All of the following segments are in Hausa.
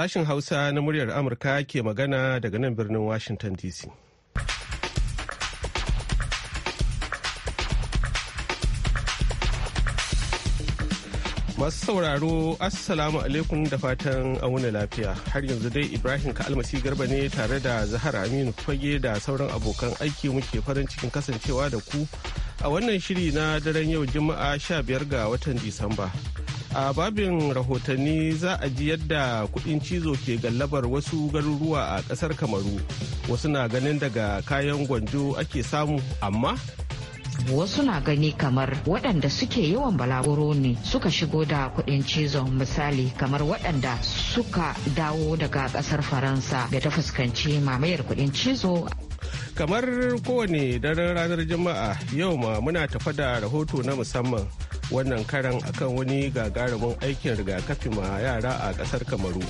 sashen Hausa na muryar Amurka ke magana daga nan birnin Washington DC. Masu sauraro, Assalamu alaikum da fatan wuni lafiya. Har yanzu dai Ibrahim Ka'almasi Garba ne tare da Zahar Aminu Fage da sauran abokan aiki muke farin cikin kasancewa da ku a wannan shiri na daren yau Juma'a 15 ga watan Disamba. a babin rahotanni za a ji yadda kudin cizo ke gallabar wasu garuruwa a kasar kamaru wasu na ganin daga kayan gwanjo ake samu amma wasu na gani kamar waɗanda suke yawan balaguro ne suka shigo da kuɗin cizon misali kamar waɗanda suka dawo daga ƙasar faransa da ta fuskanci mamayar kuɗin cizo kamar kowane daren ranar jama'a yau ma muna tafa da rahoto na musamman wannan karan akan wani gagarumin aikin rigakafi ma yara a kasar kamaru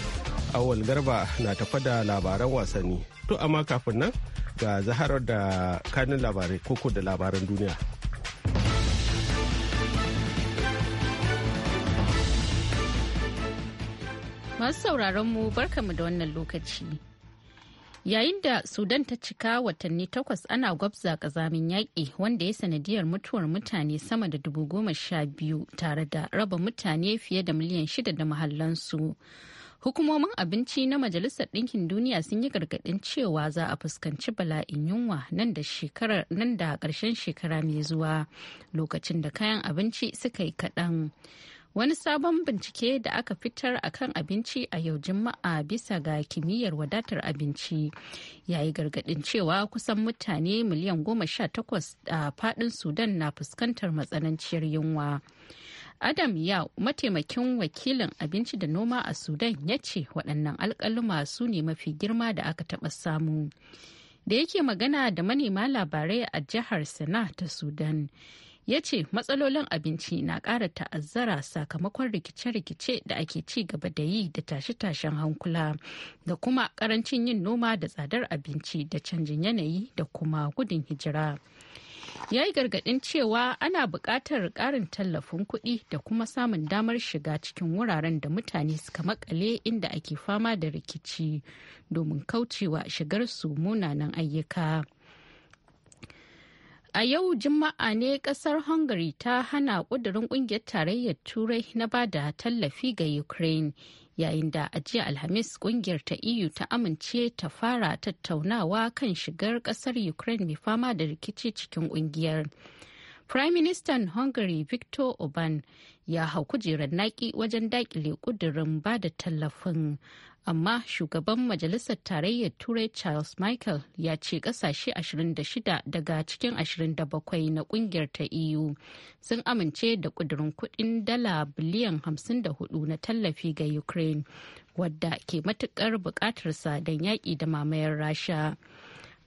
awal garba na tafa da labaran wasanni to amma kafin nan ga zaharar da kanin labarai koko da labaran duniya masu sauraron mu barkamu da wannan lokaci yayin da sudan ta cika watanni takwas ana gwabza kazamin yaƙi wanda ya sanadiyar mutuwar mutane sama da dubu goma sha biyu tare da raba mutane fiye da miliyan shida da mahallansu hukumomin abinci na majalisar ɗinkin duniya sun yi gargaɗin cewa za a fuskanci bala'in yunwa nan da shekarar nan da ƙarshen shekara mai zuwa lokacin da kayan abinci suka yi kaɗan wani sabon bincike da aka fitar a kan abinci a yau juma'a bisa ga kimiyyar wadatar abinci ya yi gargadin cewa kusan mutane miliyan goma sha takwas a fadin sudan na fuskantar matsananciyar yunwa adam ya mataimakin wakilin abinci da noma a sudan ya ce waɗannan alƙaluma su ne mafi girma da aka taɓa samu da yake magana da manema labarai a jihar sana ta sudan ya ce matsalolin abinci na ƙara ta'azzara sakamakon rikice-rikice da ake ci gaba da yi da tashe-tashen hankula da kuma ƙarancin yin noma da tsadar abinci da canjin yanayi da kuma gudun hijira. ya yi gargaɗin cewa ana buƙatar ƙarin tallafin kuɗi da kuma samun damar shiga cikin wuraren da mutane suka makale inda ake fama da rikici domin kaucewa shigar su munanan ayyuka. A yau Juma'a ne kasar Hungary ta hana ƙudurin ƙungiyar tarayyar Turai na ba da tallafi ga Ukraine yayin da a jiya Alhamis ƙungiyar ta EU ta amince ta fara tattaunawa kan shigar ƙasar Ukraine mai fama da rikici cikin ƙungiyar. Prime Minister Hungary victor Orban ya hau kujerar naki wajen daƙile ƙudurin ba da tallafin amma shugaban majalisar tarayyar turai charles michael ya ce kasashe 26 daga cikin 27 na kungiyar ta eu sun amince da kudurin kudin dala biliyan 54 na tallafi ga ukraine wadda ke matukar bukatarsa don yaƙi da mamayar rasha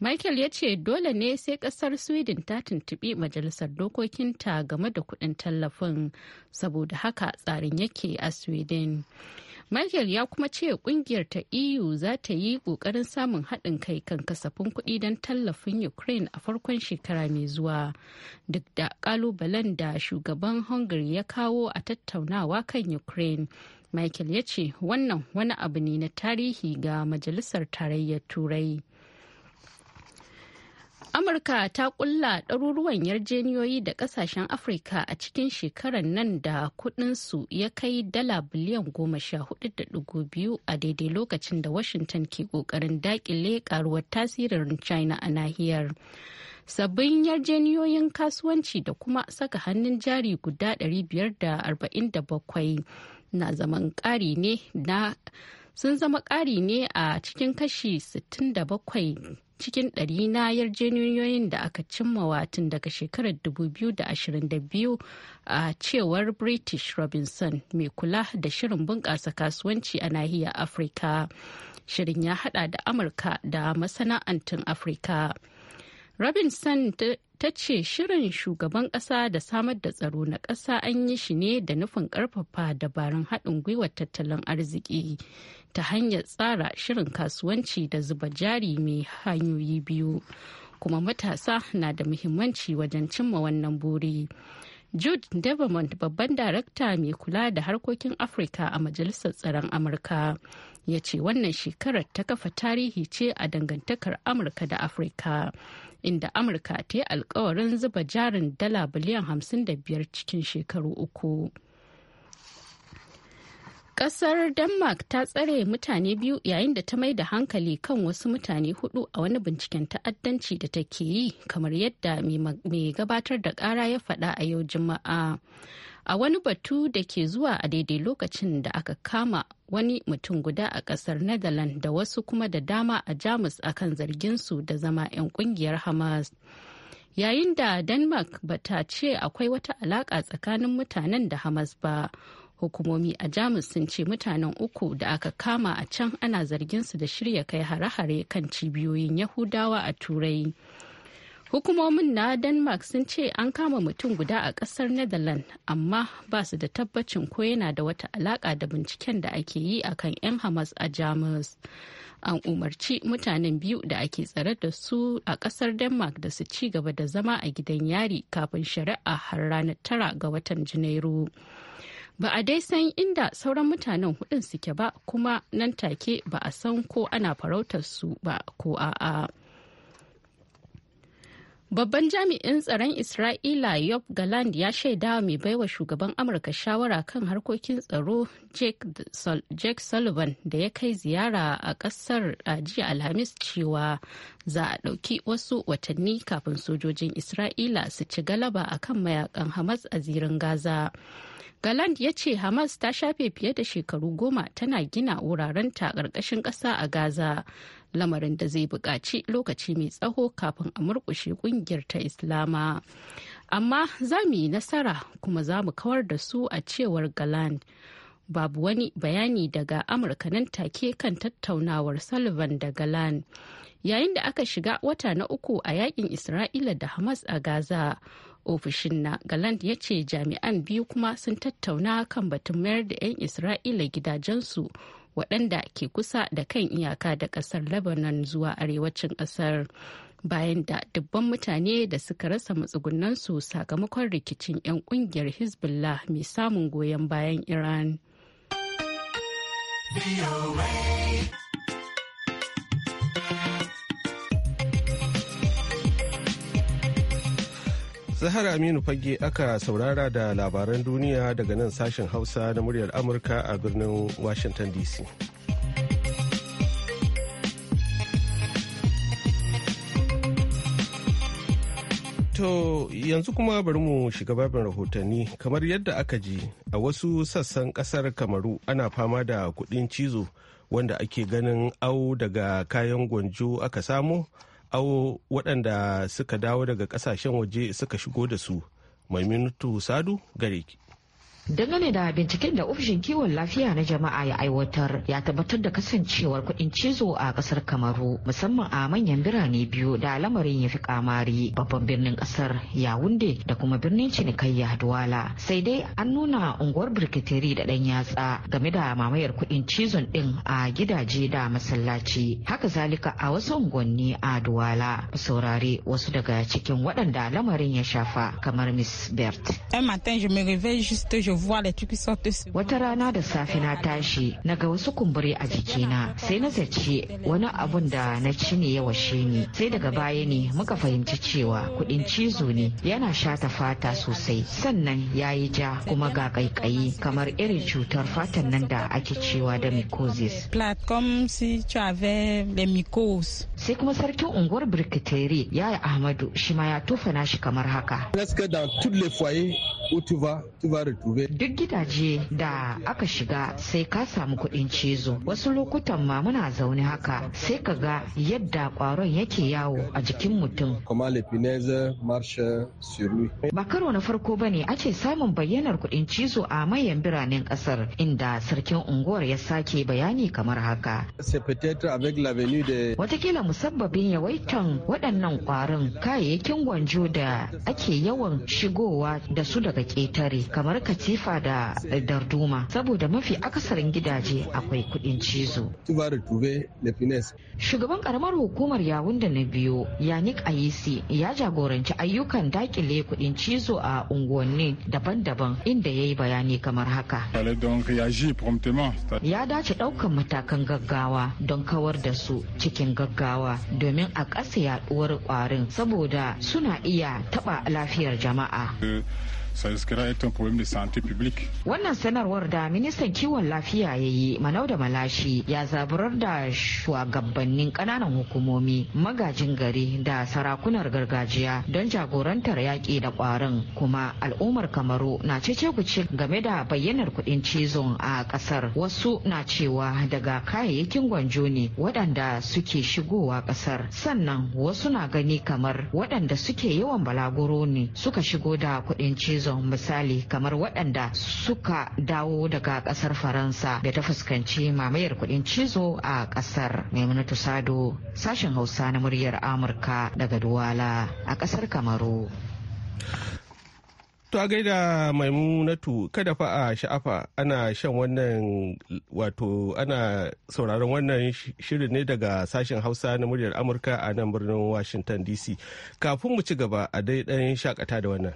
Michael ya ce dole ne sai kasar Sweden ta tuntubi majalisar dokokinta game da kudin tallafin saboda haka tsarin yake a Sweden. michael ya kuma ce kungiyar ta eu za ta yi ƙoƙarin samun haɗin kai kan kasafin kuɗi don tallafin ukraine a farkon shekara mai zuwa duk da ƙalubalen da shugaban hungary ya kawo a tattaunawa kan ukraine michael ya ce wannan wani abu ne na tarihi ga majalisar tarayyar turai Amurka ta kulla ɗaruruwan yarjeniyoyi da ƙasashen Afirka a cikin shekarar nan da kuɗinsu ya kai dala biliyan goma sha hudu da ɗigo biyu a daidai lokacin da Washington ke ƙoƙarin daƙile ƙaruwar tasirin China a nahiyar. Sabbin yarjeniyoyin kasuwanci da kuma saka hannun jari guda 547 na zaman ƙari ne na sun zama ƙari ne a cikin kashi 67 cikin ɗari na yarjejeniyoyin da aka cimma tun daga shekarar 2022 a cewar british robinson mai kula da shirin bunƙasa kasuwanci a nahiyar afirka shirin ya hada da amurka da masana'antun afirka robinson ta ce shirin shugaban ƙasa da samar da tsaro na ƙasa an yi shi ne da nufin ƙarfafa dabarun haɗin gwiwar tattalin arziki ta hanyar tsara shirin kasuwanci da zuba jari mai hanyoyi biyu kuma matasa na da muhimmanci wajen cimma wannan buri. Jude devamont babban darakta mai kula da harkokin Afirka a Majalisar Tsaron Amurka ya ce wannan shekarar ta kafa tarihi ce a dangantakar Amurka da Afirka inda amurka ta yi alkawarin zuba jarin dala biliyan 55 cikin shekaru uku kasar Denmark ta tsare mutane biyu yayin da ta mai da hankali kan wasu mutane hudu a wani binciken ta'addanci da take yi kamar yadda mai gabatar da kara ya faɗa a yau Juma'a. a wani batu da ke zuwa a daidai lokacin da aka kama wani mutum guda a kasar netherlands da wasu kuma da dama a jamus a akan zarginsu da zama 'yan kungiyar hamas yayin da denmark bata ce akwai wata alaka tsakanin mutanen da hamas ba hukumomi a jamus sun ce mutanen uku da aka kama a can ana zargin su da shirya kai hare-hare kan cibiyoyin yahudawa a turai Hukumomin na Denmark sun ce an kama mutum guda a ƙasar Netherlands amma ba su da tabbacin ko yana da wata alaƙa da binciken da ake yi akan 'yan Hamas a Jamus. An umarci mutanen biyu da ake tsare da su a ƙasar Denmark da su ci gaba da zama a gidan yari kafin shari'a har ranar tara ga watan Janairu. ba a dai san inda sauran mutanen hudun suke ba kuma nan take ba a san ko ana farautar su ba ko a'a. Babban jami'in tsaron Isra'ila Yob Galand ya shaida mai baiwa shugaban Amurka shawara kan harkokin tsaro Jake Sullivan da ya kai ziyara a ƙasar ajiya Alhamis cewa za a ɗauki wasu watanni kafin sojojin Isra'ila su ci galaba a kan mayakan Hamas a zirin Gaza. Galand ya ce Hamas ta shafe fiye da shekaru goma tana gina wuraren wurarenta ƙarƙashin ƙasa a Gaza. lamarin da zai buƙaci lokaci mai tsaho kafin a murƙushe ƙungiyar ta islama amma za mu yi nasara kuma za mu kawar da su a cewar galan babu wani bayani daga amurka nan take kan tattaunawar sullivan da galan yayin da aka shiga wata na uku a yakin isra'ila da hamas a gaza ofishin na galand ya ce jami'an biyu kuma sun tattauna kan batun mayar da 'yan isra'ila gidajensu waɗanda ke kusa da kan iyaka da ƙasar lebanon zuwa arewacin ƙasar bayan da dubban mutane da suka rasa matsugunansu sakamakon rikicin 'yan ƙungiyar hezbollah mai samun goyon bayan iran. Zahara Aminu Fage aka saurara da labaran duniya daga nan sashen Hausa na muryar Amurka a birnin Washington DC. To yanzu kuma bari mu shiga babin rahotanni kamar yadda aka ji a wasu sassan kasar kamaru ana fama da kudin cizo wanda ake ganin au daga kayan gwanjo aka samu au waɗanda suka dawo daga ƙasashen waje suka shigo da su mai minutu sadu gare ki dangane da binciken da ofishin kiwon lafiya na jama'a ya aiwatar ya tabbatar da kasancewar kuɗin cizo a ƙasar kamaru musamman a manyan birane biyu da lamarin ya fi kamari babban birnin ƙasar wunde da kuma birnin cinikayya duwala sai dai an nuna unguwar birkitiri da ɗan yatsa game da mamayar kuɗin cizon ɗin a gidaje da masallaci haka zalika a wasu unguwanni a duwala saurare wasu daga cikin waɗanda lamarin ya shafa kamar miss bert Wata rana da safe na tashi na ga wasu kumburi a jikina sai na zace wani abun da na ci ne ya washe ni sai daga baya ne muka fahimci cewa kudin cizo ne yana shata fata sosai sannan ya yi ja kuma ga kaikayi kamar irin cutar fatan nan da ake cewa da mycosis. Sai kuma sarkin unguwar Birkitere yi Ahmadu shi ma ya tofa nashi kamar haka. duk gidaje da aka shiga sai ka samu kuɗin cizo wasu lokutan ma muna zaune haka sai ka ga yadda kwaron yake yawo a jikin mutum ba karo na farko bane ake samun bayyanar kuɗin cizo a manyan biranen ƙasar inda sarkin unguwar ya sake bayani kamar haka watakila musabbabin yawaitan waɗannan kwarin kayayyakin gwanjo da ake yawan shigowa da su daga ƙetare kamar kati. jifa da darduma saboda mafi akasarin gidaje akwai kudin cizo. Shugaban karamar hukumar yawun da na biyu Yanik Ayisi ya jagoranci ayyukan dakile kudin cizo a unguwanni daban-daban inda ya yi bayani kamar haka. Ya dace daukan matakan gaggawa don kawar da su cikin gaggawa domin a ƙasa yaɗuwar ƙwarin saboda suna iya taɓa lafiyar jama'a. Euh, Sai su kira ita problème de santé publique. Wannan sanarwar da ministan kiwon lafiya ya yi Manau da Malashi ya zaburar da shugabannin ƙananan hukumomi magajin gari da sarakunar gargajiya don jagorantar yaƙi da ƙwarin kuma al'ummar Kamaru na cece kuce game da bayyanar kuɗin cizon a ƙasar wasu na cewa daga kayayyakin gwanjo ne waɗanda suke shigowa ƙasar sannan wasu na gani kamar waɗanda suke yawan balaguro ne suka shigo da kuɗin cizon bizon misali kamar waɗanda suka dawo daga ƙasar faransa da ta fuskanci mamayar kuɗin cizo a ƙasar maimunatu sado sashen hausa na muryar amurka daga duwala a ƙasar kamaru To a gaida maimunatu kada fa a sha'afa ana shan wannan wato ana sauraron wannan shirin ne daga sashen hausa na muryar amurka a nan birnin washington dc kafin mu ci gaba a dai shakata da wannan.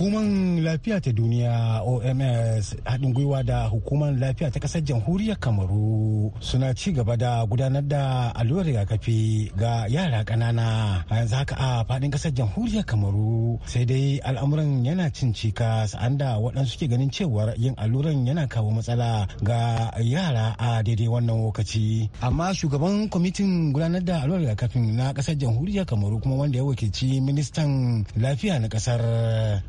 hukumar lafiya ta duniya oms haɗin gwiwa da hukumar lafiya ta ƙasar jamhuriyar kamaru suna ci gaba da gudanar da allurar rigakafi ga yara ƙanana a yanzu haka a faɗin ƙasar jamhuriyar kamaru sai dai al'amuran yana cin cika sa'an da waɗansu ke ganin cewar yin alluran yana kawo matsala ga yara a daidai wannan lokaci amma shugaban kwamitin gudanar da allurar rigakafin na ƙasar jamhuriyar kamaru kuma wanda ya wakilci ministan lafiya na ƙasar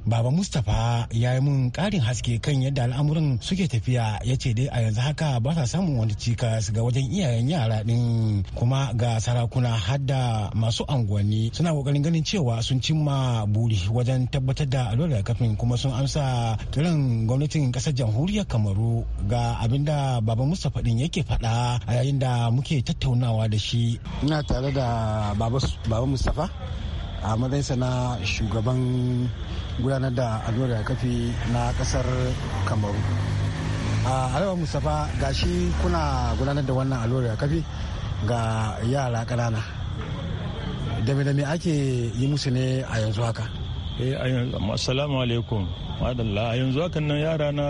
ba Baba Mustapha ya yi mun ƙarin haske kan yadda al'amuran suke tafiya ya ce dai a yanzu haka ba sa samun wani cikas ga wajen iyayen yara ɗin kuma ga sarakuna hadda masu anguwanni suna ƙoƙarin ganin cewa sun cimma buri wajen tabbatar da allurar kafin kuma sun amsa kiran gwamnatin ƙasar jamhuriyar Kamaru ga abin da Baba Mustapha ɗin yake faɗa a yayin da muke tattaunawa da shi. Ina tare da Baba Mustapha a matsayinsa na shugaban gudanar da allurar rigakafi na kasar kamaru a alawar mustapha ga shi kuna gudanar da wannan allurar rigakafi ga yara ƙanana dame dame ake yi musu ne a yanzu haka eh, assalamu alaikum madalla a yanzu haka nan yara na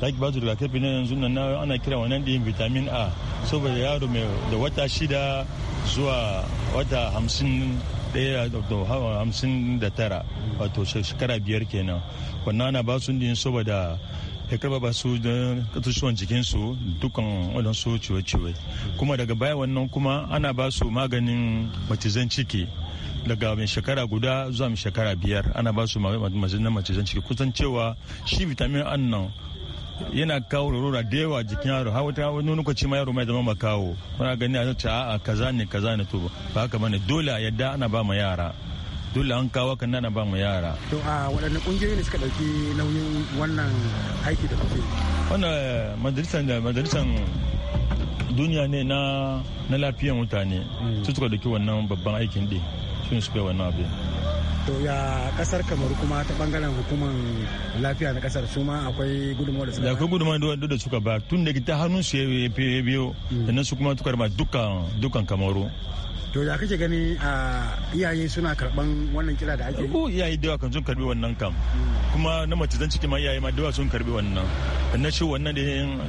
daki ba su rigakafi na yanzu nan na ana kira wannan ɗin vitamin a saboda yaro mai da wata shida zuwa wata hamsin ɗaya hamsin da tara wato shekara biyar kenan wannan ana ba su da saboda ya su don katusuwan jikinsu dukkan waɗansu ciwe-ciwe kuma daga baya wannan kuma ana ba su maganin matizan ciki daga mai shekara guda zuwa mai shekara biyar ana ba su macizan ciki kusan cewa shi vitamin annan nan yana kawo rurura da yawa jikin yaro har wata wani lokaci ma yaro mai zama makawo kuna gani a ta a kaza ne kaza ne to ba haka bane dole a yadda ana ba ma yara dole an kawo kan nana ba mu yara. To a waɗanne ƙungiyoyi ne suka ɗauki nauyin wannan aiki da kuke? Wannan eh, majalisar da majalisar duniya ne na na lafiyar mutane hmm. su suka dauki wannan babban aikin din su ne suka yi wannan abin. to ya kasar kamaru kuma ta bangaren hukumar lafiya na kasar su ma akwai gudunmawar da suka da akwai gudunmawar da da suka ba tun da ta hannu su ya biyo da mm. su kuma tukar ma dukkan dukkan kamaru to ya kake gani a iyaye suna karban wannan kira da ake ko iyaye da kan sun karbi wannan kam kuma na mace zan ciki ma iyaye ma da sun karbi wannan na shi wannan da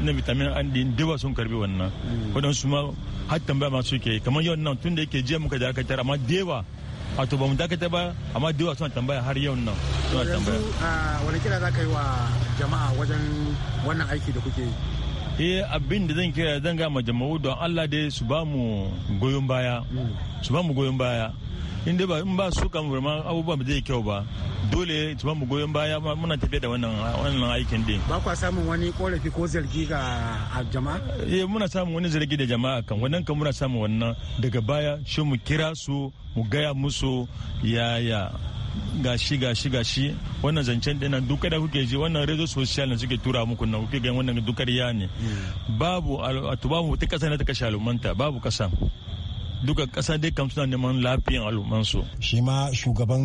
na vitamin an din da sun karbi wannan mm. wadansu ma har tambaya ma suke kamar yau nan tun da yake jiya muka da aka tara amma dewa wato ba mu dakata ba amma da yawa suna tambaya har yau nan suna tambaya wani kira za ka yi wa jama'a wajen wannan aiki da kuke yi eh abin da zan kira zan ga ma jama'u don Allah dai su ba mu goyon baya mm. su ba mu goyon baya in dai ba in ba su kan burma abubuwa ba zai kyau ba dole tuba mu goyon baya muna tafiya da wannan wannan aikin din ba kwa samun wani korafi ko zargi ga jama'a eh muna samun wani zargi da jama'a kan wannan kan muna samun wannan daga baya shi mu kira su mu gaya musu yaya gashi gashi gashi wannan zancen dina duka da kuke ji wannan rezo social na suke tura muku na kuke ga wannan dukar ya ne hmm. babu a tubahu ta kasa na ta kashe babu kasa duka kasa dai kam suna neman lafiyan al'ummansu. Shi ma shugaban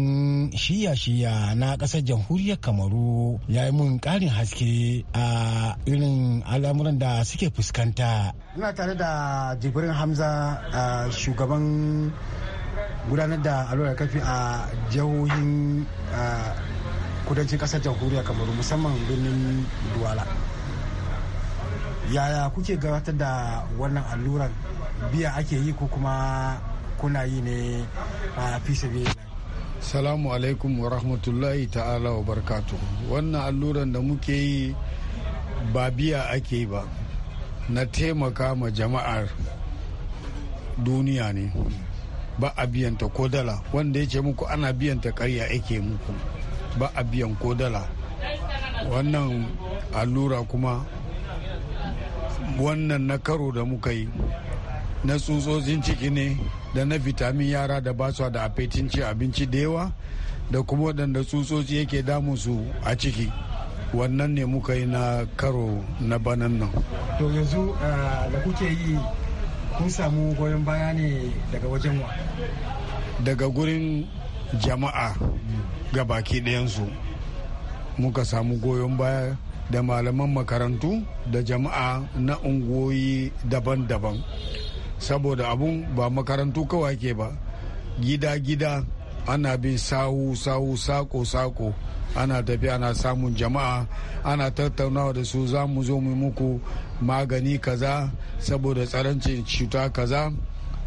shiya-shiya na ƙasar jamhuriyar Kamaru ya yi mun ƙarin haske a irin al'amuran da suke fuskanta. Ina tare da Jibrin Hamza shugaban gudanar da allurar kafi a jihohin kudancin kasar jamhuriyar kamaru musamman birnin duwala yaya kuke gabatar da wannan alluran biya ake yi ko kuma kuna yi ne a fi salamu alaikum wa rahmatullahi ta'ala wa barkatu wannan alluran da muke yi ba biya ake yi ba na taimaka ma jama'ar duniya ne ba a biyanta ko dala wanda ya ce muku ana biyanta karya ake muku ba a biyan ko dala wannan allura kuma wannan na karo da muka yi na tsutsotsin ciki ne da na vitamin yara da ba su da afetin ci abinci da yawa da kuma waɗanda tsutsotsi yake damu su a ciki wannan ne muka yi na karo na banan nan to yanzu eh, da kuke yi kun samu goyon baya ne daga wajen wa daga gurin jama'a ga baki ɗayansu muka samu goyon baya da malaman makarantu da jama'a na unguwoyi daban-daban saboda abun ba makarantu kawai ke ba gida-gida ana bin sawu-sawu sako-sako ana tafiya ana samun jama'a ana tattaunawa da su za mu zo mu muku magani kaza saboda tsarancin cuta kaza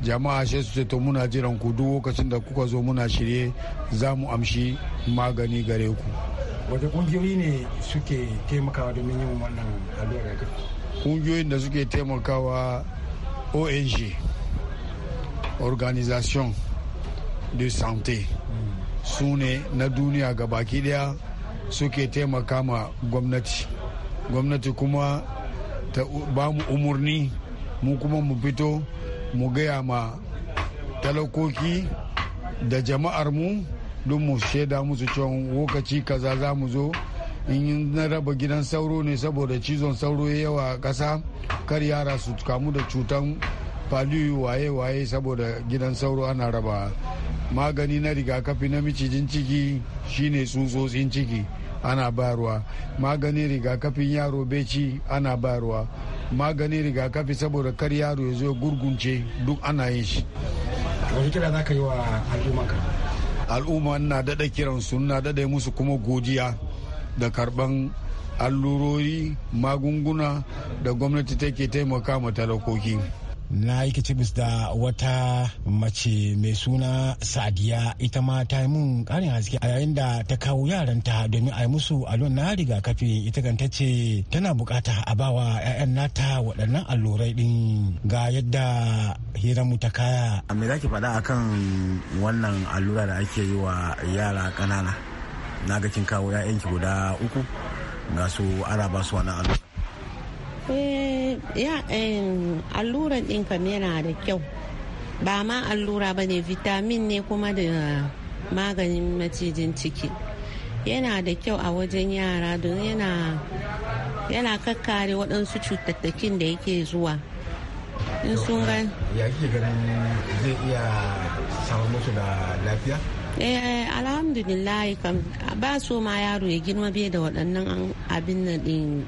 jama'a shi su ce to muna jiran ku duk lokacin da kuka zo muna shirye za mu amshi magani gare ku wata kungiyoyi ne suke taimakawa domin yin wannan allurar kungiyoyin da suke taimakawa ONG, Organisation de Santé, su ne na duniya ga baki daya suke taimaka ma gwamnati. Gwamnati kuma ta ba mu umurni mu kuma mu fito mu gaya ma talakoki da jama'ar mu don mu shaida musu cewa lokaci kaza za mu zo in na raba gidan sauro ne saboda cizon sauro yawa a ƙasa kar yara su kamu da cutan faliyu waye-waye saboda gidan sauro ana raba magani na rigakafi na micijin ciki shine tsutsotsin ciki ana bayarwa magani rigakafin yaro beci ana bayarwa magani rigakafi saboda kar yaro ya zo gurgunce duk ana yin shi al'umma na daɗa kiransu na daɗa musu kuma godiya da karɓan allurori magunguna da gwamnati take taimaka ma talakoki na yi kicibis da wata mace mai suna sadiya ita ma ta yi mun karin haske a yayin da ta kawo yaranta domin a yi musu allon na rigakafi ita kan ta ce tana bukata a bawa 'ya'yan nata waɗannan allurai din ga yadda hiramu ta kaya me za ki faɗa akan wannan allura da ake yi wa yara ƙanana na ga kin kawo 'ya'yanki guda uku na su ana ba su wani allura eh, ya allura din kam yana da kyau ba ma allura ba ne vitamin ne kuma da maganin macijin ciki yana da kyau a wajen yara don yana yana kakkare waɗansu cutattakin da yake zuwa in sun gan ya ke ganin zai iya samun musu da lafiya eh alhamdulillah kam ba so ma yaro ya girma bai da waɗannan abin nan din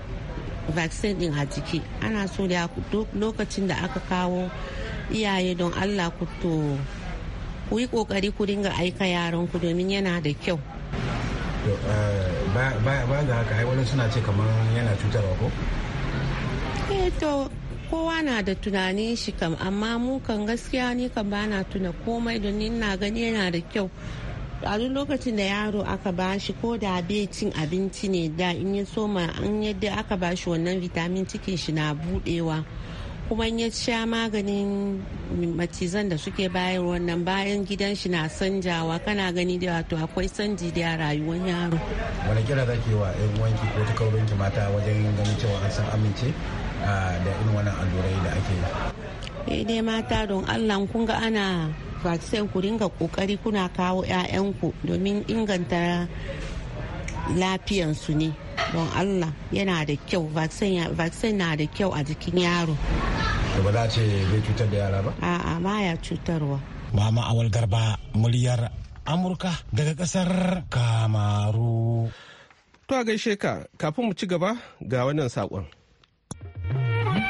vaccine din a jiki ana so da lokacin da aka kawo iyaye don allah ku to ku yi kokari ku dinga aika yaran ku domin yana da kyau eh, ba ga haka ai wani suna ce kamar yana cutarwa ko eh to kowa na da tunanin shi kam amma mu kan gaskiya ni kan bana tuna komai don na gani yana da kyau a duk lokacin da yaro aka ba shi ko da bai cin abinci ne da in ya soma an yadda aka ba shi wannan vitamin cikin shi na budewa kuma in ya sha maganin matizan da suke bayar wannan bayan gidan shi na sanjawa kana gani da wato akwai sanji da rayuwar yaro wani kira zake wa yan wanki ko ta kaurin mata wajen ganin cewa an san amince da irin wannan allurai da ake yi eh, dai mata don allah kun ga ana vaccine ku dinga kokari kuna kawo 'ya'yanku domin inganta lafiyansu ne don allah yana da kyau vaccine na da kyau a jikin yaro ba za a ce zai cutar da yara ba a'a baya cutarwa mama awal garba muryar amurka daga kasar kamaru to a gaishe ka kafin mu ci gaba ga wannan saƙon.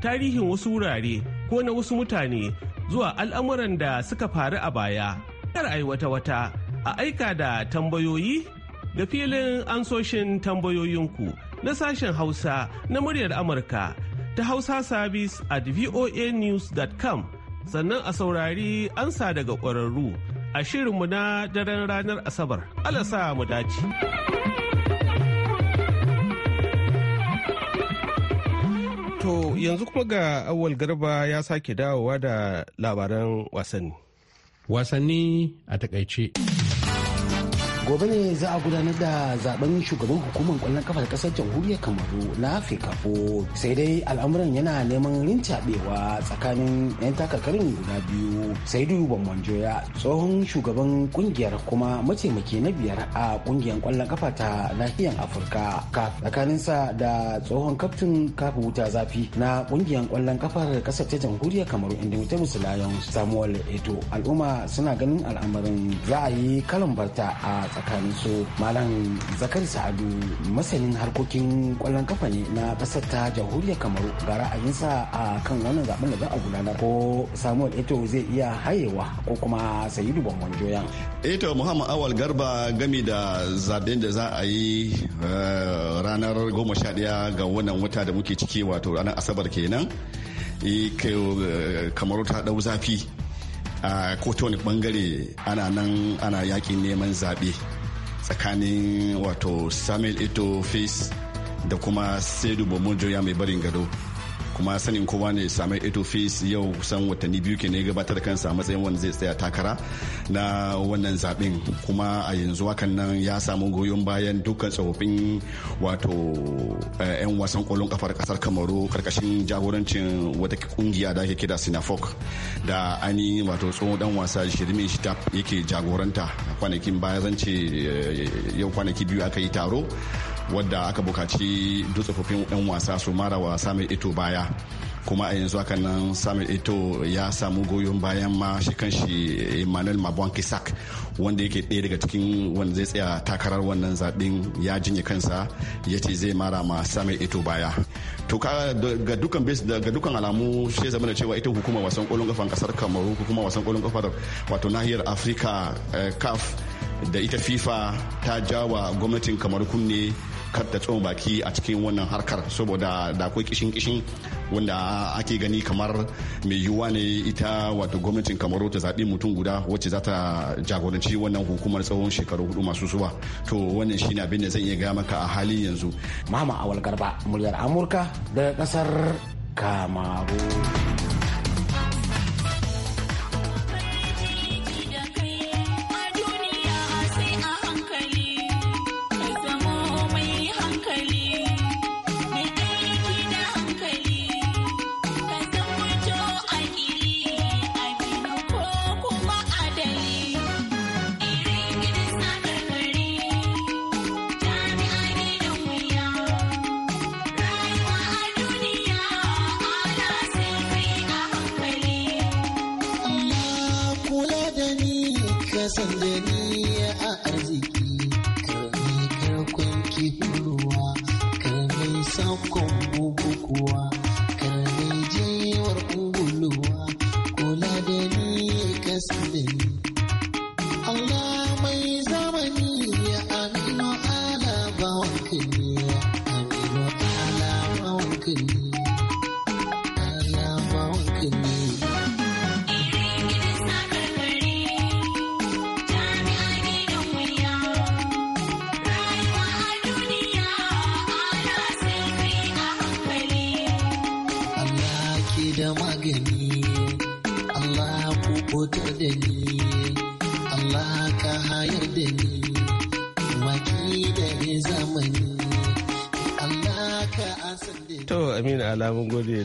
tarihin wasu wurare ko na wasu mutane zuwa al'amuran da suka faru a baya kar ai wata wata a aika da tambayoyi da filin ansoshin tambayoyinku na sashen hausa na muryar amurka ta hausa service at voanews.com sannan a saurari ansa daga ƙwararru a shirinmu na daren ranar asabar alasa mu dace. To yanzu kuma ga awal garba ya sake dawowa da labaran wasanni. Wasanni a takaice. gobe ne za a gudanar da zaben shugaban hukumar kwallon kafa da kasar jamhuriyar kamaru na fekafo sai dai al'amuran yana neman rincaɓewa tsakanin 'yan takarkarin guda biyu sai saidu bambanjoya tsohon shugaban kungiyar kuma mataimaki na biyar a kungiyar kwallon kafa ta nahiyar afirka tsakaninsa da tsohon kaftin kafa wuta zafi na kungiyar kwallon kafar kasar ta jamhuriyar kamaru inda indomitable lions samuel eto al'umma suna ganin al'amarin za a yi kalan barta a tsakanin su malam zakari sa'adu masanin harkokin kwallon kafa ne na kasar ta jamhuriyar kamaru ga ra'ayinsa a kan wannan zaben da za a gudanar ko samuel eto zai iya hayewa ko kuma sayidu bambam joyan eto muhammad awal garba gami da zaben da za a yi eh, ranar goma sha ɗaya ga wannan wata da muke ciki wato ranar asabar kenan eh, eh, kamaru ta ɗau zafi a ta wani bangare ana nan ana yakin neman zaɓe tsakanin wato samuel ito face da kuma sedu ya mai barin gado kuma sanin kowa ne ito face yau kusan watanni biyu ke ne gabatar kansa a matsayin wanda zai tsaya takara na wannan zaben kuma a yanzu hakan nan ya samu goyon bayan dukkan tsofaffin wato 'yan eh, wasan kwallon kafar kasar kamaru karkashin jagorancin wata kungiya da ake kira sinafok da ani wato tsohon dan wasa shirme shitap yake jagoranta kwanakin baya zance eh, yau kwanaki biyu aka yi taro wadda aka bukaci duk 'yan wasa su mara wa samun ito baya kuma a yanzu haka nan samuel eto ya samu goyon bayan ma shi kan shi emmanuel mabon kisak wanda yake ɗaya daga cikin wanda zai tsaya takarar wannan zaɓen ya jinya kansa ya ce zai mara ma samuel eto baya to ga dukkan ga dukkan alamu shi zama da cewa ita hukumar wasan ƙwallon kafan ƙasar kamaru hukumar wasan ƙwallon kafar wato nahiyar afirka eh, caf da ita fifa ta jawa gwamnatin kamar kunne kar ta tsoma baki a cikin wannan harkar saboda da akwai kishin kishin wanda ake gani kamar mai yiwuwa ne ita wato gwamnatin kamaru ta zaɓi mutum guda wacce za ta jagoranci wannan hukumar tsawon shekaru hudu masu zuwa to wannan shi na abin da zan iya gaya maka a halin yanzu mama awal garba muryar amurka daga ƙasar kamaru como o coco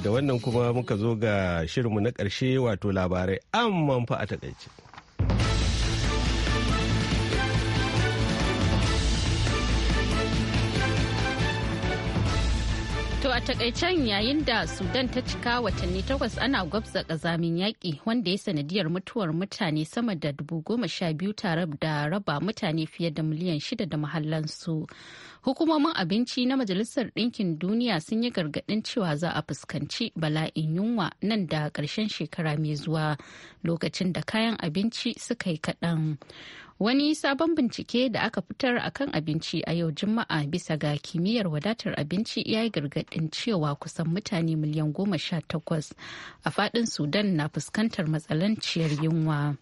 da wannan kuma muka zo ga shirinmu na ƙarshe wato labarai amma fa a taƙaice. a takaicen yayin da Sudan ta cika watanni takwas ana gwabza kazamin yaƙi wanda ya sanadiyar mutuwar mutane sama da dubu goma sha biyu tare da raba mutane fiye da miliyan shida da mahallansu. Hukumomin abinci na Majalisar Ɗinkin Duniya sun yi gargaɗin cewa za a fuskanci bala'in yunwa nan da ƙarshen shekara mai zuwa lokacin da kayan abinci suka yi kaɗan. Wani sabon bincike da aka fitar a kan abinci a yau Juma'a bisa ga kimiyyar wadatar abinci ya yi gargaɗin cewa kusan mutane miliyan goma sha takwas a faɗin Sudan na fuskantar matsalanciyar yunwa.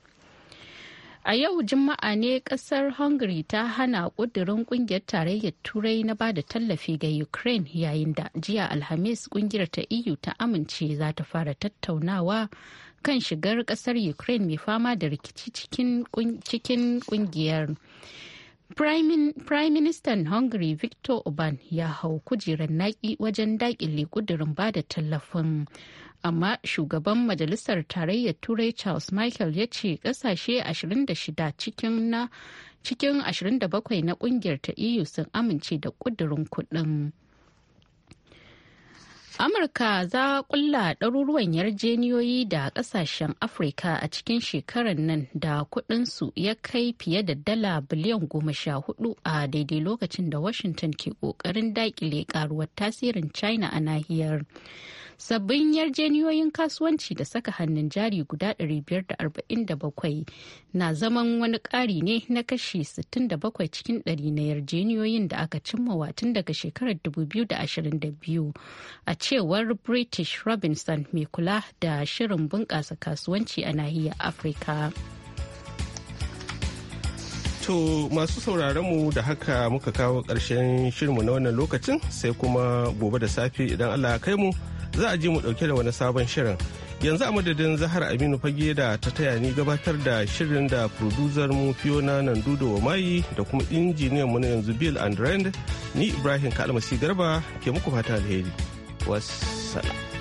A yau Juma'a ne kasar Hungary ta hana ƙudurin ƙungiyar tarayyar Turai na bada tallafi ga Ukraine yayin da jiya Alhamis ƙungiyar ta EU ta amince za ta fara tattaunawa kan shigar kasar ukraine mai fama da rikici cikin kungiyar prime minister hungary victor orban ya hau kujerar naki wajen dakile kudurin da tallafin amma shugaban majalisar tarayyar turai charles michael ya ce kasashe 26 cikin na cikin 27 na kungiyar ta eu sun amince da kudurin kudin Amurka za kulla ɗaruruwan yarjeniyoyi da ƙasashen Afirka a cikin shekarar nan da kuɗinsu ya kai fiye da dala biliyan goma sha hudu a daidai lokacin da Washington ke ƙoƙarin daƙile ƙaruwar tasirin China a nahiyar. sabbin yarjeniyoyin kasuwanci da saka hannun jari guda 547 na zaman wani ƙari ne na kashi 67 cikin 100 na yarjeniyoyin da aka cimma watan daga shekarar 2022 a cewar british robinson mai kula da shirin bunƙasa kasuwanci a nahiyar afirka. To masu sauraron mu da haka muka kawo ƙarshen shirmu na wannan lokacin sai kuma gobe da safe idan Allah ya kai mu za a ji mu dauke da wani sabon shirin yanzu a madadin zahar aminu fage da ta taya ni gabatar da shirin da producer mu fiona wa mayi da kuma injiniyan mu na yanzu bill and ni ibrahim kalmasi garba ke muku fata alheri wassalam